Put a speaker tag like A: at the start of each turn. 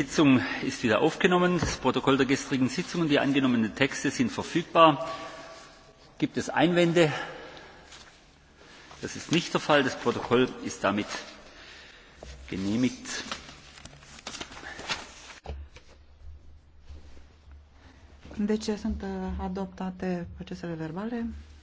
A: sitzung ist wieder aufgenommen. das protokoll der gestrigen sitzung und die angenommenen texte sind verfügbar. gibt es einwände? das ist nicht der fall. das protokoll ist damit genehmigt.
B: deci sunt uh, adoptate procesele verbale.